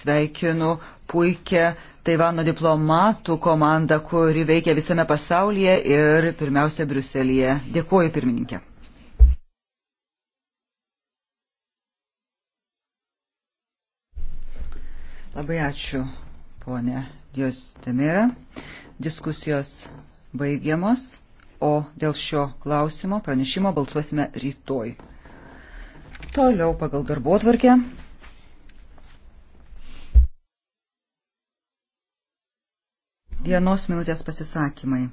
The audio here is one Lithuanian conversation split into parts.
sveikinu puikia Taivano diplomatų komanda, kuri veikia visame pasaulyje ir pirmiausia Briuselėje. Dėkuoju pirmininkė. Labai ačiū, ponė Dios Temira. Diskusijos baigiamos, o dėl šio klausimo pranešimo balsuosime rytoj. Toliau pagal darbo tvarkę. vienos minutės pasisakymai.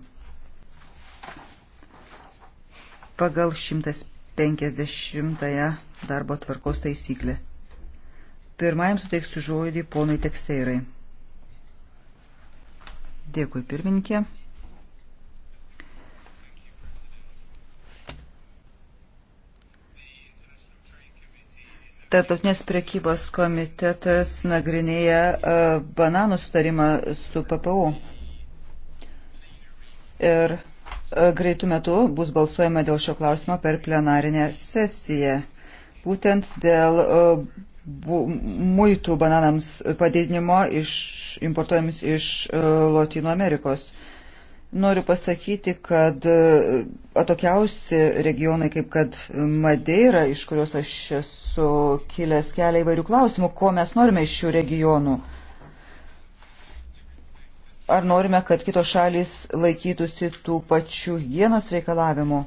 Pagal 150 darbo tvarkos taisyklę. Pirmajam suteiksiu žodį ponui Tekseirai. Dėkui pirmininkė. Tartautinės priekybos komitetas nagrinėja e, bananų sutarimą su PPU. Ir e, greitų metų bus balsuojama dėl šio klausimo per plenarinę sesiją. Būtent dėl e, muitų bananams padidinimo iš, importuojamis iš e, Latino Amerikos. Noriu pasakyti, kad atokiausi regionai, kaip kad Madeira, iš kurios aš esu kilęs kelia įvairių klausimų, ko mes norime iš šių regionų ar norime, kad kitos šalis laikytųsi tų pačių hygienos reikalavimų,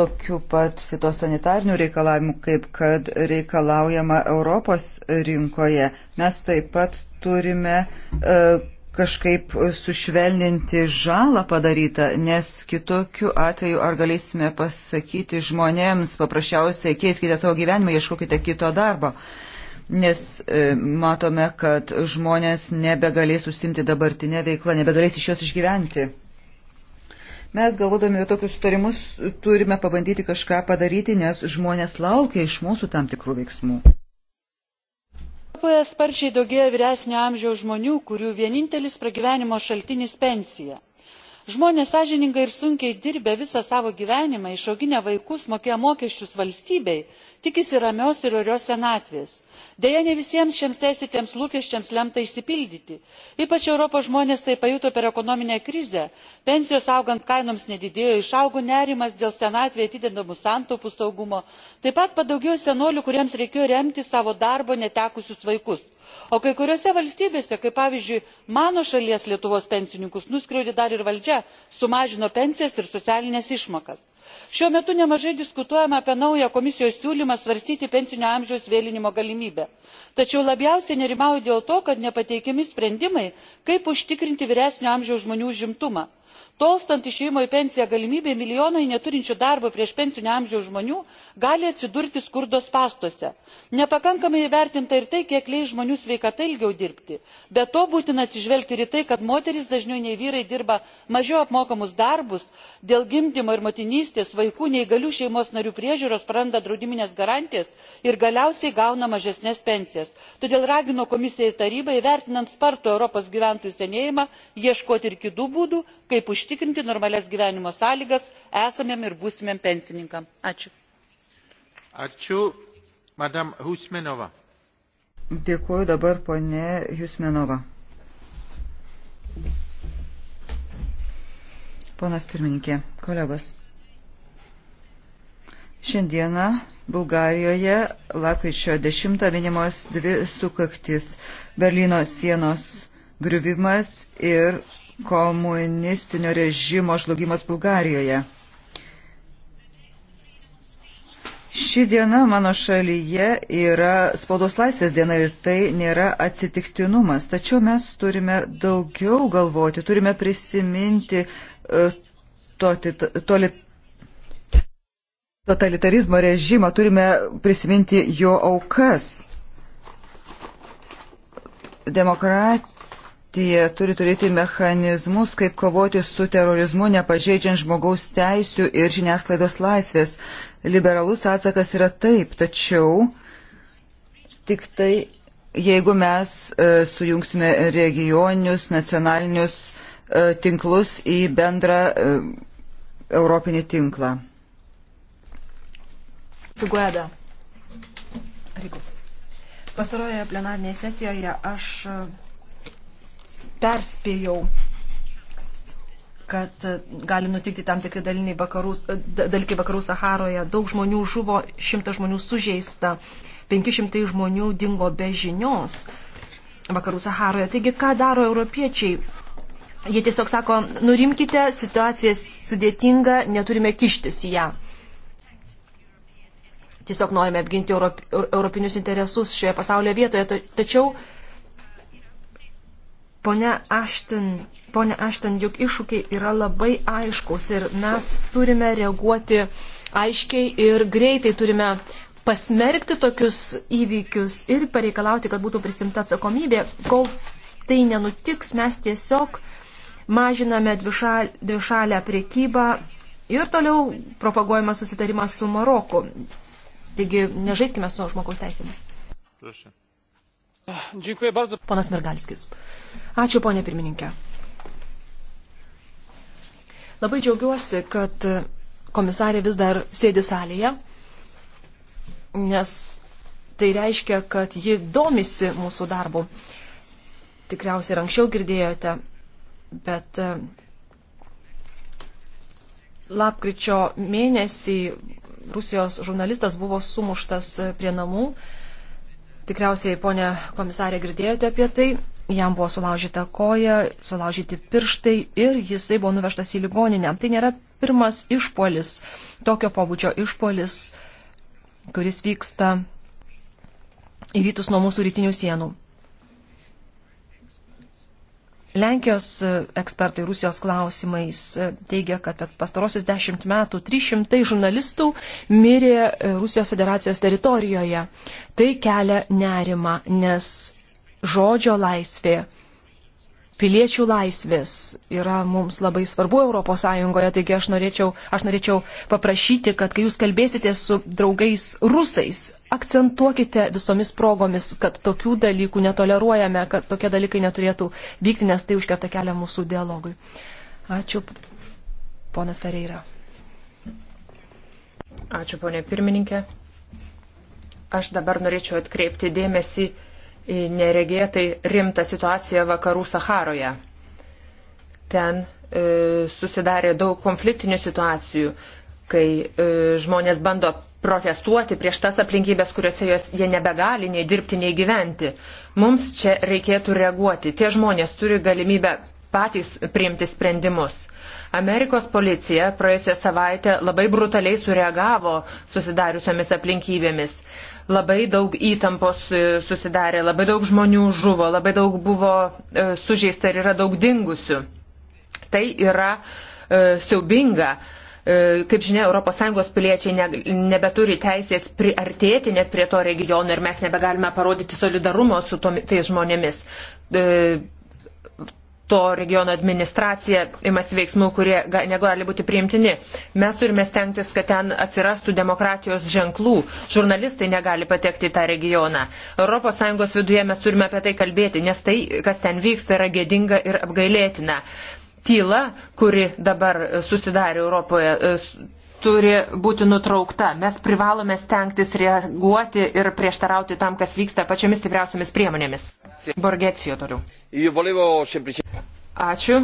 tokių pat fitosanitarnių reikalavimų, kaip kad reikalaujama Europos rinkoje. Mes taip pat turime e, kažkaip sušvelninti žalą padarytą, nes kitokiu atveju ar galėsime pasakyti žmonėms paprasčiausiai keiskite savo gyvenimą, ieškokite kito darbo. E, nes e, matome, kad žmonės nebegalės užsimti dabartinę veiklą, nebegalės iš jos išgyventi. Mes galvodami apie tokius sutarimus turime pabandyti kažką padaryti, nes žmonės laukia iš mūsų tam tikrų veiksmų. Europoje sparčiai daugėja vyresnio amžiaus žmonių, kurių vienintelis pragyvenimo šaltinis pensija žmonės sąžiningai ir sunkiai dirbę visą savo gyvenimą išauginę vaikus mokėję mokesčius valstybei tikisi ramios ir orios senatvės. deja ne visiems šiems teisėtiems lūkesčiams lemta išsipildyti ypač europos žmonės tai pajuto per ekonominę krizę pensijos augant kainoms nedidėjo išaugo nerimas dėl senatvei atidedamų santaupų saugumo taip pat padaugėjo senolių kuriems reikėjo remti savo darbo netekusius vaikus o kai kuriose valstybėse kaip pavyzdžiui mano šalies lietuvos pensininkus nuskriaudė dar ir valdžia sumažino pensijas ir socialines išmokas. šiuo metu nemažai diskutuojama apie naują komisijos siūlymą svarstyti pensinio amžiaus vėlinimo galimybę tačiau labiausiai nerimauju dėl to kad nepateikiami sprendimai kaip užtikrinti vyresnio amžiaus žmonių užimtumą tolstant išėjimo į pensiją galimybei milijonai neturinčių darbo prieš pensinio amžiaus žmonių gali atsidurti skurdo spąstuose. nepakankamai įvertinta ir tai kiek leis žmonių sveikata ilgiau dirbti be to būtina atsižvelgti ir į tai kad moterys dažniau nei vyrai dirba mažiau apmokamus darbus dėl gimdymo ir motinystės vaikų neįgalių šeimos narių priežiūros praranda draudimines garantijas ir galiausiai gauna mažesnes pensijas. todėl raginu komisiją ir tarybą įvertinant spartų europos gyventojų senėjimą ieškoti ir kitų būdų kaip kaip užtikrinti normalias gyvenimo sąlygas esamiem ir būsimiem pensininkams. Ačiū. Ačiū. Madam Husmenova. Dėkuoju dabar ponė Jusmenova. Ponas pirmininkė, kolegos. Šiandieną Bulgarijoje lapkričio 10 minimos dvi sukaktis - Berlyno sienos griuvimas ir komunistinio režimo žlugimas Bulgarijoje. Ši diena mano šalyje yra spaudos laisvės diena ir tai nėra atsitiktinumas. Tačiau mes turime daugiau galvoti, turime prisiminti e, toti, toli, totalitarizmo režimą, turime prisiminti jo aukas. Demokrat partija turi turėti mechanizmus, kaip kovoti su terorizmu, nepažeidžiant žmogaus teisių ir žiniasklaidos laisvės. Liberalus atsakas yra taip, tačiau tik tai jeigu mes e, sujungsime regioninius, nacionalinius e, tinklus į bendrą e, europinį tinklą. Figueda. Pastarojoje plenarnėje sesijoje aš perspėjau kad e, gali nutikti tam tikri vakarų, e, dalykai vakarų Saharoje. Daug žmonių žuvo, šimtas žmonių sužeista, penki šimtai žmonių dingo be žinios vakarų Saharoje. Taigi, ką daro europiečiai? Jie tiesiog sako, nurimkite, situacija sudėtinga, neturime kištis į ją. Tiesiog norime apginti europ, europinius interesus šioje pasaulio vietoje. Tačiau Pone Ašten, pone Ašten, juk iššūkiai yra labai aiškus ir mes turime reaguoti aiškiai ir greitai turime pasmerkti tokius įvykius ir pareikalauti, kad būtų prisimta atsakomybė. Kol tai nenutiks, mes tiesiog mažiname dvišalę priekybą ir toliau propaguojame susitarimą su Maroku. Taigi nežaiskime su žmogaus teisėmis. Prašau. Ponas Mergalskis. Ačiū, ponė pirmininkė. Labai džiaugiuosi, kad komisarė vis dar sėdi salėje, nes tai reiškia, kad ji domisi mūsų darbu. Tikriausiai ir anksčiau girdėjote, bet e, lapkričio mėnesį Rusijos žurnalistas buvo sumuštas e, prie namų Tikriausiai, ponė komisarė, girdėjote apie tai. Jam buvo sulaužyta koja, sulaužyti pirštai ir jisai buvo nuvežtas į ligoninę. Tai nėra pirmas išpolis, tokio pobūdžio išpolis, kuris vyksta į rytus nuo mūsų rytinių sienų. Lenkijos e, ekspertai Rusijos klausimais e, teigia, kad per pastarosius dešimt metų 300 žurnalistų mirė e, Rusijos federacijos teritorijoje. Tai kelia nerima, nes žodžio laisvė piliečių laisvės yra mums labai svarbu ES, taigi aš norėčiau, aš norėčiau paprašyti, kad kai jūs kalbėsite su draugais rusais, akcentuokite visomis progomis, kad tokių dalykų netoleruojame, kad tokie dalykai neturėtų vykti, nes tai užkerta kelią mūsų dialogui. Ačiū, ponas Pereira. Ačiū, ponė pirmininkė. Aš dabar norėčiau atkreipti dėmesį neregėtai tai rimtą situaciją vakarų Saharoje. Ten e, susidarė daug konfliktinių situacijų, kai e, žmonės bando protestuoti prieš tas aplinkybės, kuriuose jos, jie nebegali nei dirbti, nei gyventi. Mums čia reikėtų reaguoti. Tie žmonės turi galimybę patys priimti sprendimus. Amerikos policija praėjusią savaitę labai brutaliai sureagavo susidariusiomis aplinkybėmis. Labai daug įtampos e, susidarė, labai daug žmonių žuvo, labai daug buvo e, sužeista ir yra daug dingusių. Tai yra e, siaubinga kaip žinia, ES piliečiai ne, nebeturi teisės priartėti net prie to regiono ir mes nebegalime parodyti solidarumo su tomis, tais žmonėmis to regiono administracija imasi veiksmų, kurie negali būti priimtini. Mes turime stengtis, kad ten atsirastų demokratijos ženklų. Žurnalistai negali patekti į tą regioną. ES viduje mes turime apie tai kalbėti, nes tai, kas ten vyksta, yra gėdinga ir apgailėtina. Tyla, kuri dabar susidarė Europoje, turi būti nutraukta. Mes privalome stengtis reaguoti ir prieštarauti tam, kas vyksta pačiamis stipriausiamis priemonėmis. Borgecijo toliau. Ačiū.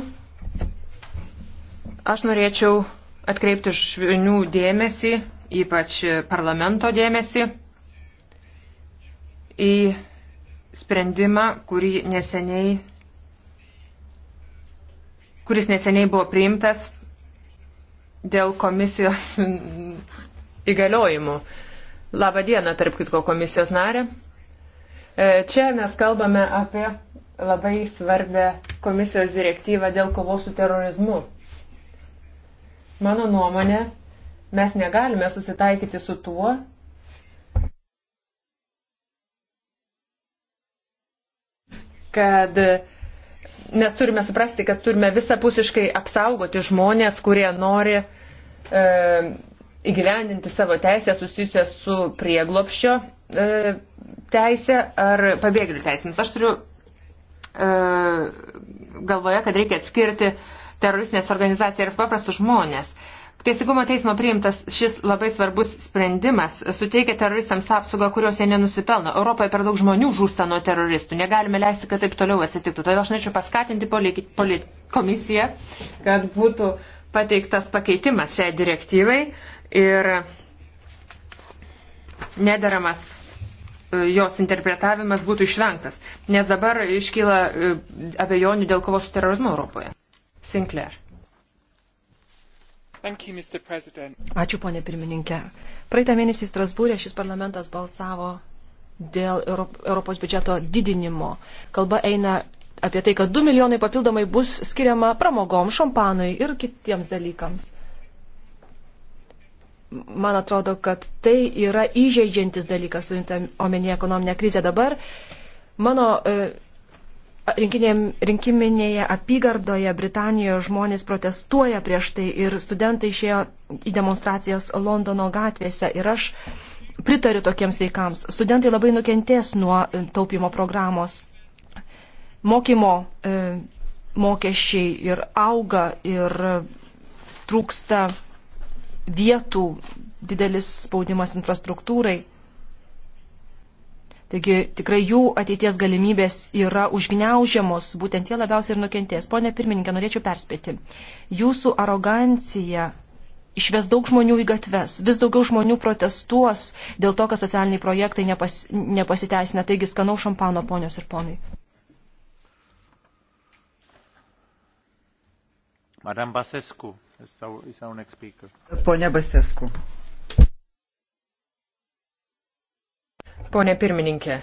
Aš norėčiau atkreipti žvinių dėmesį, ypač parlamento dėmesį, į sprendimą, kurį neseniai, kuris neseniai buvo priimtas dėl komisijos įgaliojimų. Labą dieną, tarp kitko, komisijos narė. E, čia mes kalbame apie labai svarbę komisijos direktyvą dėl kovos su terorizmu. Mano nuomonė, mes negalime susitaikyti su tuo, kad uh, mes turime suprasti, kad turime visapusiškai apsaugoti žmonės, kurie nori e, įgyvendinti savo teisę susijusią su prieglopščio e, teisė ar pabėgėlių teisėmis. Aš turiu e, galvoje, kad reikia atskirti teroristinės organizacijas ir paprastus žmonės. E, Teisingumo teismo priimtas šis labai svarbus sprendimas suteikia teroristams apsaugą, kurios jie nenusipelno. Europoje per daug žmonių žūsta nuo teroristų. Negalime leisti, kad taip toliau atsitiktų. Todėl aš norėčiau paskatinti politi, politi, komisiją, kad būtų pateiktas pakeitimas šiai direktyvai ir nederamas e, jos interpretavimas būtų išvengtas, nes dabar iškyla e, abejonių dėl kovos su terorizmu Europoje. Sinclair. You, Ačiū, ponė pirmininkė. Praeitą mėnesį Strasbūrė šis parlamentas balsavo dėl Europos biudžeto didinimo. Kalba eina apie tai, kad 2 milijonai papildomai bus skiriama pramogom, šampanui ir kitiems dalykams. Man atrodo, kad tai yra įžeidžiantis dalykas, turint omenyje ekonominę krizę dabar. Mano e, rinkiminėje apygardoje Britanijoje žmonės protestuoja prieš tai ir studentai išėjo į demonstracijas Londono gatvėse ir aš pritariu tokiems veikams. Studentai labai nukentės nuo e, taupimo programos. Mokymo e, mokesčiai ir auga ir e, trūksta vietų, didelis spaudimas infrastruktūrai. Taigi tikrai jų ateities galimybės yra užgneužiamos, būtent jie labiausiai ir nukentės. Pone pirmininkė, norėčiau perspėti. Jūsų arogancija išves daug žmonių į gatves, vis daugiau žmonių protestuos dėl to, kad socialiniai projektai nepas, nepasiteisina. Taigi skanau šampano, ponios ir ponai. Madame Basescu, is our, is our next speaker. Pone Basescu. Pone pirmininkė. E,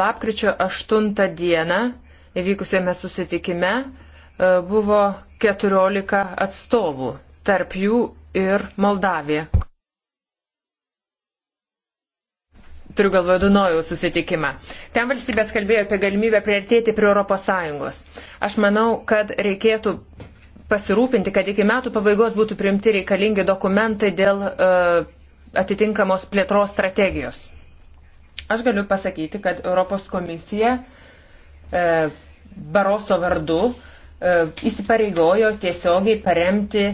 lapkričio 8 dieną įvykusėme susitikime e, buvo 14 atstovų, tarp jų ir Moldavija. Turiu galvoje Dunojų susitikimą. Ten valstybės kalbėjo apie galimybę priartėti prie ES. Aš manau, kad reikėtų pasirūpinti, kad iki metų pabaigos būtų priimti reikalingi dokumentai dėl e, atitinkamos plėtros strategijos. Aš galiu pasakyti, kad Europos komisija e, Baroso vardu e, įsipareigojo tiesiogiai paremti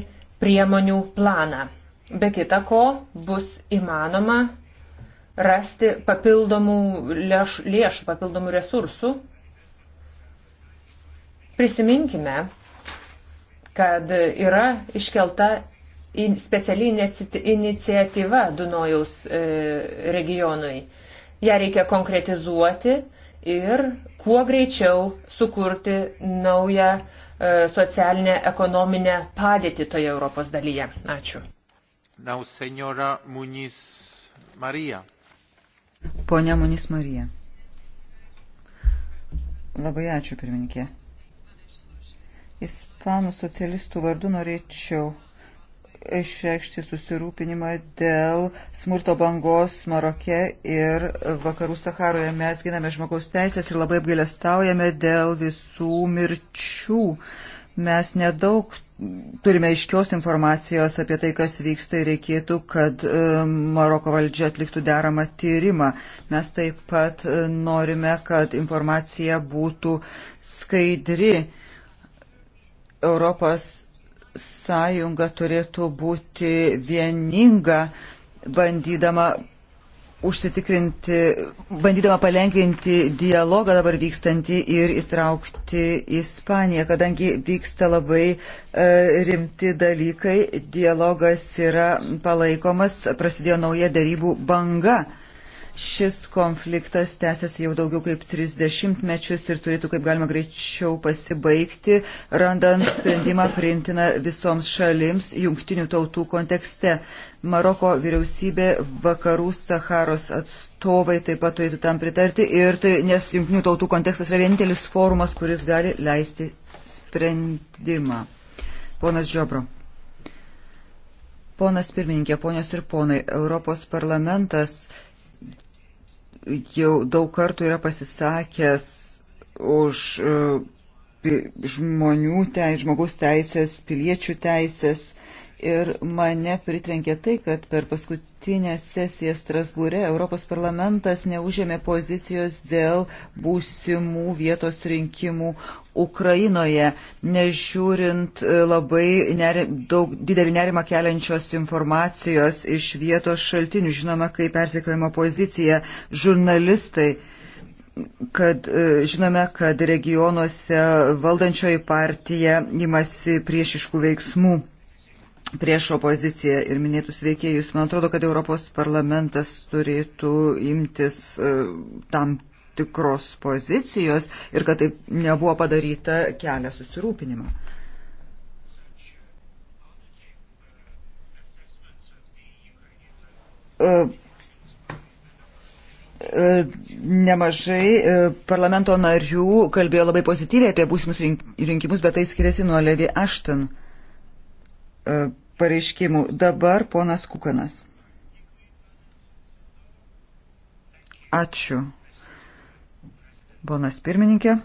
priemonių planą. Be kita ko, bus įmanoma rasti papildomų lėš, lėšų, papildomų resursų. Prisiminkime, kad yra iškelta speciali iniciatyva Dunojaus e, regionui. Ja reikia konkretizuoti ir kuo greičiau sukurti naują e, socialinę, ekonominę padėtį toje Europos dalyje. Ačiū. Now, senora Muniz Marija. Pone Muniz Marija. Labai ačiū, pirmininkė. Ispanų socialistų vardu norėčiau išreikšti susirūpinimą dėl smurto bangos Maroke ir Vakarų Saharoje. Mes giname žmogaus teisės ir labai apgailestaujame dėl visų mirčių. Mes nedaug turime iškios informacijos apie tai, kas vyksta ir reikėtų, kad e, Maroko valdžia atliktų deramą tyrimą. Mes taip pat e, norime, kad informacija būtų skaidri Europos Sąjunga turėtų būti vieninga, bandydama užsitikrinti, bandydama palengvinti dialogą dabar vykstantį ir įtraukti Ispaniją, kadangi vyksta labai e, rimti dalykai, dialogas yra palaikomas, prasidėjo nauja darybų banga. E, Šis konfliktas tęsiasi jau daugiau kaip 30 mečius ir turėtų kaip galima greičiau pasibaigti, randant sprendimą priimtiną visoms šalims jungtinių tautų kontekste. Maroko vyriausybė vakarų Saharos atstovai taip pat turėtų tam pritarti, ir tai, nes jungtinių tautų kontekstas yra vienintelis forumas, kuris gali leisti sprendimą. Ponas Žiobro. Ponas pirmininkė, ponios ir ponai, Europos parlamentas jau daug kartų yra pasisakęs už e, žmonių teisės, žmogaus teisės, piliečių teisės. Ir mane pritrenkė tai, kad per paskutinę sesiją Strasbūre Europos parlamentas neužėmė pozicijos dėl būsimų vietos rinkimų Ukrainoje, nežiūrint e, labai neri, daug, didelį nerimą keliančios informacijos iš vietos šaltinių. Žinoma, kaip persikėjimo pozicija žurnalistai kad e, žinome, kad regionuose valdančioji partija imasi priešiškų veiksmų prieš opoziciją ir minėtus veikėjus. Man atrodo, kad Europos parlamentas turėtų imtis e, tam tikros pozicijos ir kad taip nebuvo padaryta kelia susirūpinimą. E, e, nemažai parlamento narių kalbėjo labai pozityviai apie būsimus rinkimus, bet tai skiriasi nuo Lady Ashton. Uh, E, pareiškimų. Dabar ponas Kukanas. Ačiū. Ponas pirmininkė.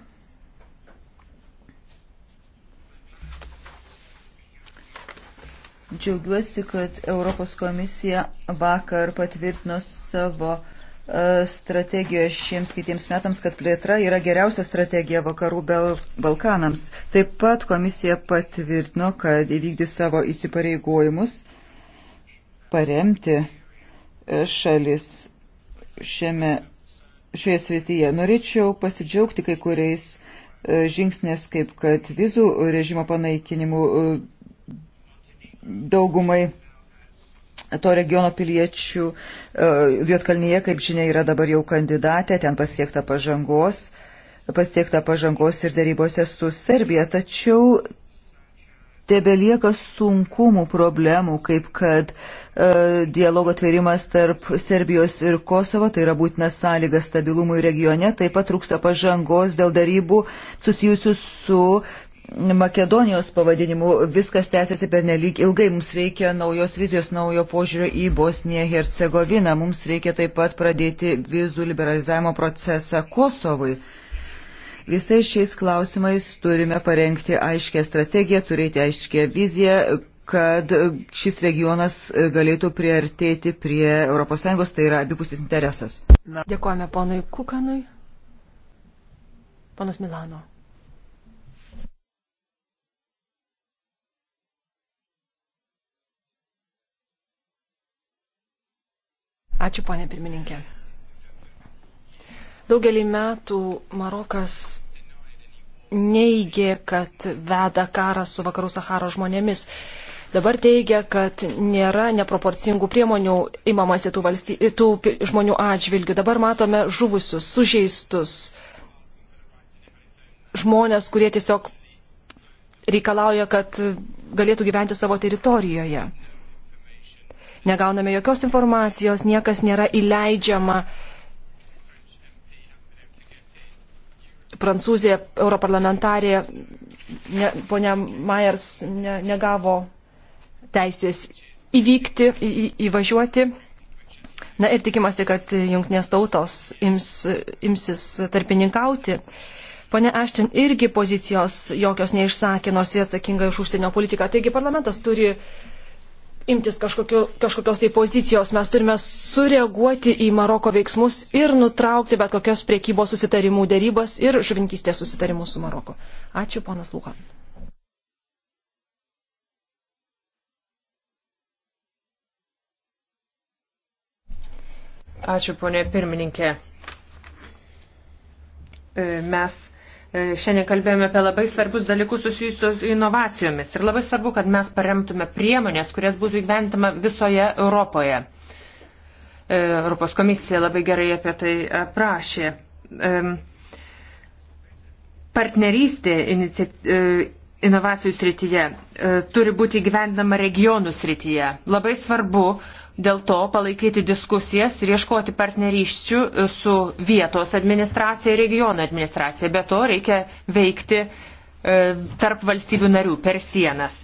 Džiaugiuosi, kad Europos komisija vakar patvirtino savo uh, strategijos šiems kitiems metams, kad plėtra yra geriausia strategija vakarų Balkanams. Taip pat komisija patvirtino, kad įvykdys savo įsipareigojimus paremti e, šalis šiame, šioje srityje. Norėčiau pasidžiaugti kai kuriais e, žingsnės, kaip kad vizų režimo panaikinimų e, daugumai to regiono piliečių. Lietkalnyje, kaip žinia, yra dabar jau kandidatė, ten pasiekta pažangos, pasiekta pažangos ir darybose su Serbija, tačiau tebelieka sunkumų, problemų, kaip kad e, dialogo atverimas tarp Serbijos ir Kosovo, tai yra būtina sąlyga stabilumui regione, taip pat trūksta pažangos dėl darybų susijusių su Makedonijos pavadinimu viskas tęsiasi per nelik ilgai. Mums reikia naujos vizijos, naujo požiūrio į Bosniją Hercegoviną. Mums reikia taip pat pradėti vizų liberalizavimo procesą Kosovui. Visais šiais klausimais turime parengti aiškę strategiją, turėti aiškę viziją, kad šis regionas galėtų priartėti prie ES, tai yra abipusis interesas. Dėkojame ponui Kukanui. Ponas Milano. Ačiū, ponė pirmininkė. Daugelį metų Marokas neigė, kad veda karą su vakarų Saharo žmonėmis. Dabar teigia, kad nėra neproporcingų priemonių imamasi tų, valsty, tų žmonių atžvilgių. Dabar matome žuvusius, sužeistus žmonės, kurie tiesiog reikalauja, kad galėtų gyventi savo teritorijoje negauname jokios informacijos, niekas nėra įleidžiama. Prancūzija, europarlamentarė, ne, ponia Myers ne, negavo teisės įvykti, į, į, įvažiuoti. Na ir tikimasi, kad jungtinės tautos ims, imsis tarpininkauti. Pone Ešten irgi pozicijos jokios neišsakė, nors jie atsakinga už užsienio politiką. Taigi parlamentas turi uh, imtis kažkokio, kažkokios tai pozicijos. Mes turime sureaguoti į Maroko veiksmus ir nutraukti bet kokios priekybos susitarimų dėrybas ir žuvinkystės susitarimus su Maroku. Ačiū, ponas Luhan. Ačiū, ponė pirmininkė. E, mes E, šiandien kalbėjome apie labai svarbus dalykus susijusius su inovacijomis ir labai svarbu, kad mes paremtume priemonės, kurias būtų įgyventama visoje Europoje. E, Europos komisija labai gerai apie tai e, prašė. Partnerystė inovacijų srityje turi būti įgyvendama regionų srityje. Labai svarbu, Dėl to palaikyti diskusijas ir ieškoti partnerysčių e, su vietos administracija ir regiono administracija. Be to reikia veikti e, tarp valstybių narių per sienas.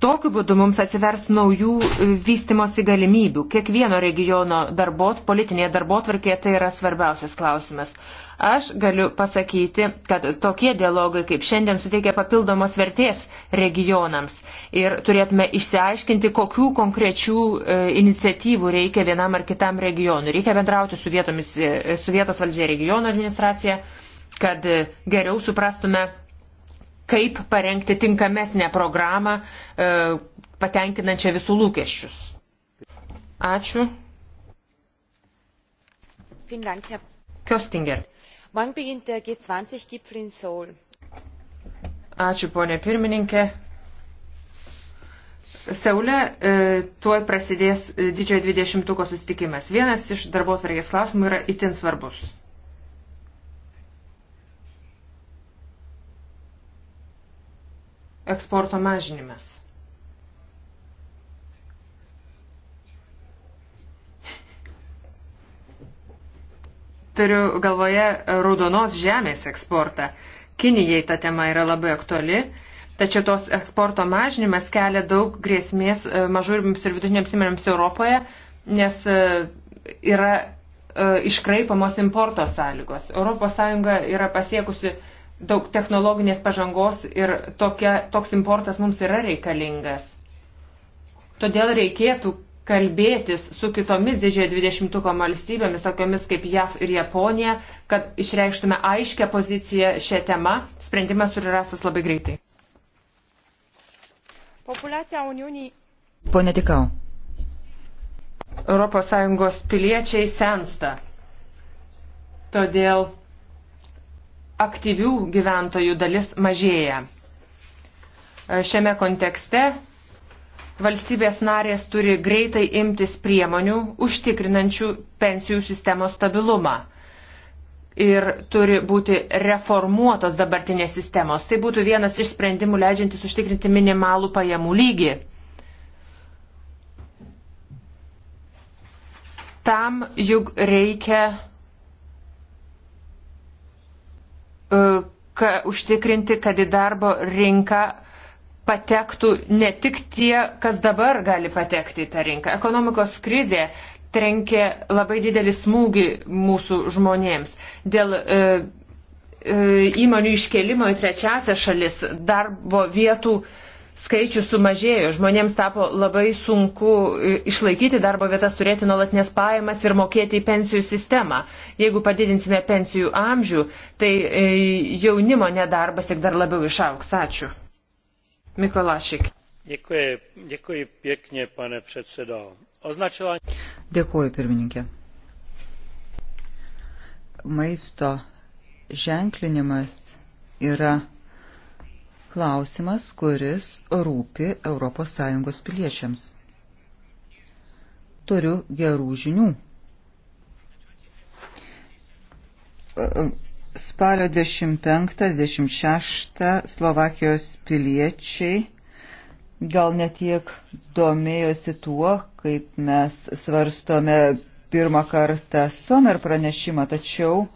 Tokiu būdu mums atsivers naujų e, vystimosi galimybių. Kiekvieno regiono darbot, politinėje darbotvarkėje tai yra svarbiausias klausimas. Aš galiu pasakyti, kad tokie dialogai kaip šiandien suteikia papildomos vertės regionams ir turėtume išsiaiškinti, kokių konkrečių e, iniciatyvų reikia vienam ar kitam regionui. Reikia bendrauti su, vietomis, e, su vietos valdžia regiono administracija, kad geriau suprastume kaip parengti tinkamesnę programą, e, patenkinančią visų lūkesčius. Ačiū. Köstinger. Ačiū, ponė pirmininkė. Seule e, tuoj prasidės e, didžiojo dvidešimtuko susitikimas. Vienas iš darbos vargės klausimų yra itin svarbus. eksporto mažinimas. Turiu galvoje raudonos žemės eksportą. Kinijai ta tema yra labai aktuali, tačiau tos eksporto mažinimas kelia daug grėsmės e, mažurims ir vidutinėms įmonėms Europoje, nes e, yra e, iškraipamos importo sąlygos. ES yra pasiekusi uh, daug technologinės pažangos ir tokia, toks importas mums yra reikalingas. Todėl reikėtų kalbėtis su kitomis didžiojo 20-ko valstybėmis, tokiomis kaip JAV ir Japonija, kad išreikštume aiškę poziciją šią temą. Sprendimas turi rastas labai greitai. Pone Tikau. ES piliečiai sensta. Todėl aktyvių gyventojų dalis mažėja. E, šiame kontekste valstybės narės turi greitai imtis priemonių užtikrinančių pensijų sistemos stabilumą. Ir turi būti reformuotos dabartinės sistemos. Tai būtų vienas iš sprendimų leidžiantis užtikrinti minimalų pajamų lygį. Tam juk reikia ka, užtikrinti, kad į darbo rinką patektų ne tik tie, kas dabar gali patekti į tą rinką. Ekonomikos krizė trenkė labai didelį smūgį mūsų žmonėms. Dėl e, e, įmonių iškelimo į trečiasią šalis darbo vietų e, skaičius sumažėjo, žmonėms tapo labai sunku e, išlaikyti darbo vietas, turėti nuolatinės pajamas ir mokėti į pensijų sistemą. Jeigu padidinsime pensijų amžių, tai e, jaunimo nedarbas tik dar labiau išauks. Ačiū. Mikolašik. Dėkui, dėkui pieknie, pane predsedo. Označila... Dėkuoju, pirmininkė. Maisto ženklinimas yra klausimas, kuris rūpi ES piliečiams. Turiu gerų žinių. Spalio 25-26 Slovakijos piliečiai gal netiek domėjosi tuo, kaip mes svarstome pirmą kartą Somer pranešimą, tačiau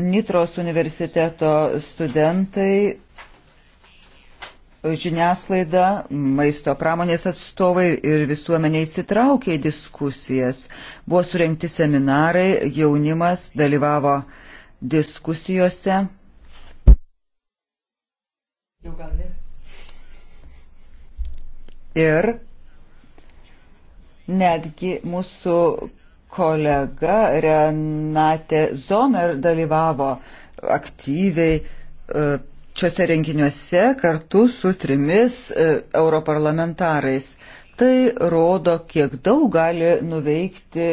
Nitros universiteto studentai žiniasklaida, maisto pramonės atstovai ir visuomenė įsitraukė į diskusijas. Buvo surinkti seminarai, jaunimas dalyvavo diskusijose. Ir netgi mūsų kolega Renate Zomer dalyvavo aktyviai e, šiuose renginiuose kartu su trimis e, europarlamentarais. Tai rodo, kiek daug gali nuveikti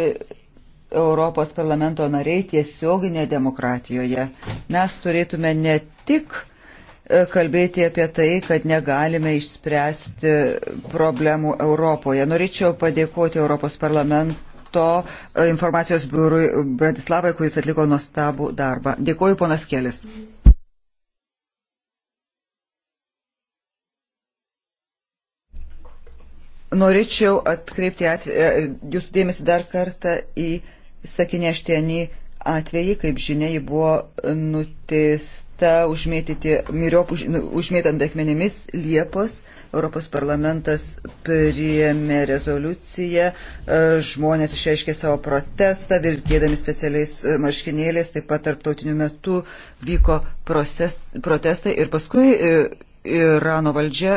Europos parlamento nariai tiesioginė demokratijoje. Mes turėtume ne tik e, kalbėti apie tai, kad negalime išspręsti problemų Europoje. Norėčiau padėkoti Europos parlamento e, informacijos biurui Bratislavai, kuris atliko nuostabų darbą. Dėkoju, ponas Kelis. Mhm. Norėčiau atkreipti atve, e, jūsų dėmesį dar kartą į sakinėštienį atvejį, kaip žinia, ji buvo nuteista užmėtyti, myriop už, nu, užmėtant akmenimis Liepos. Europos parlamentas priėmė rezoliuciją, e, žmonės išreiškė savo protestą, vilkėdami specialiais e, marškinėliais, taip pat tarptautiniu metu vyko proces, protestai ir paskui Irano valdžia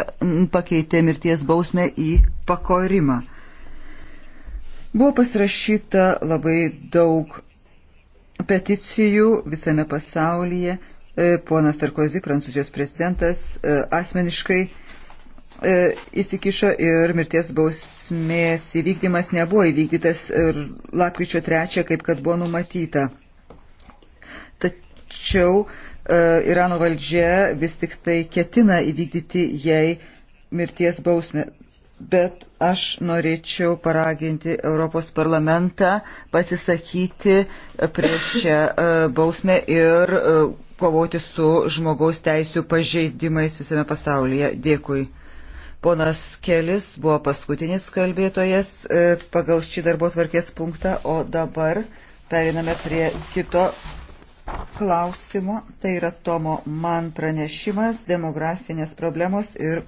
pakeitė mirties bausmę į pakorimą. Buvo pasirašyta labai daug peticijų visame pasaulyje. E, ponas Sarkozy, prancūzijos prezidentas, e, asmeniškai e, įsikišo ir mirties bausmės įvykdymas nebuvo įvykdytas ir lapkričio 3, kaip kad buvo numatyta. Tačiau E, Irano valdžia vis tik tai ketina įvykdyti jai mirties bausmę. Bet aš norėčiau paraginti Europos parlamentą pasisakyti prieš šią e, bausmę ir e, kovoti su žmogaus teisų pažeidimais visame pasaulyje. Dėkui. Ponas Kelis buvo paskutinis kalbėtojas pagal šį darbo tvarkės punktą, o dabar periname prie kito klausimo. Tai yra Tomo man pranešimas, demografinės problemos ir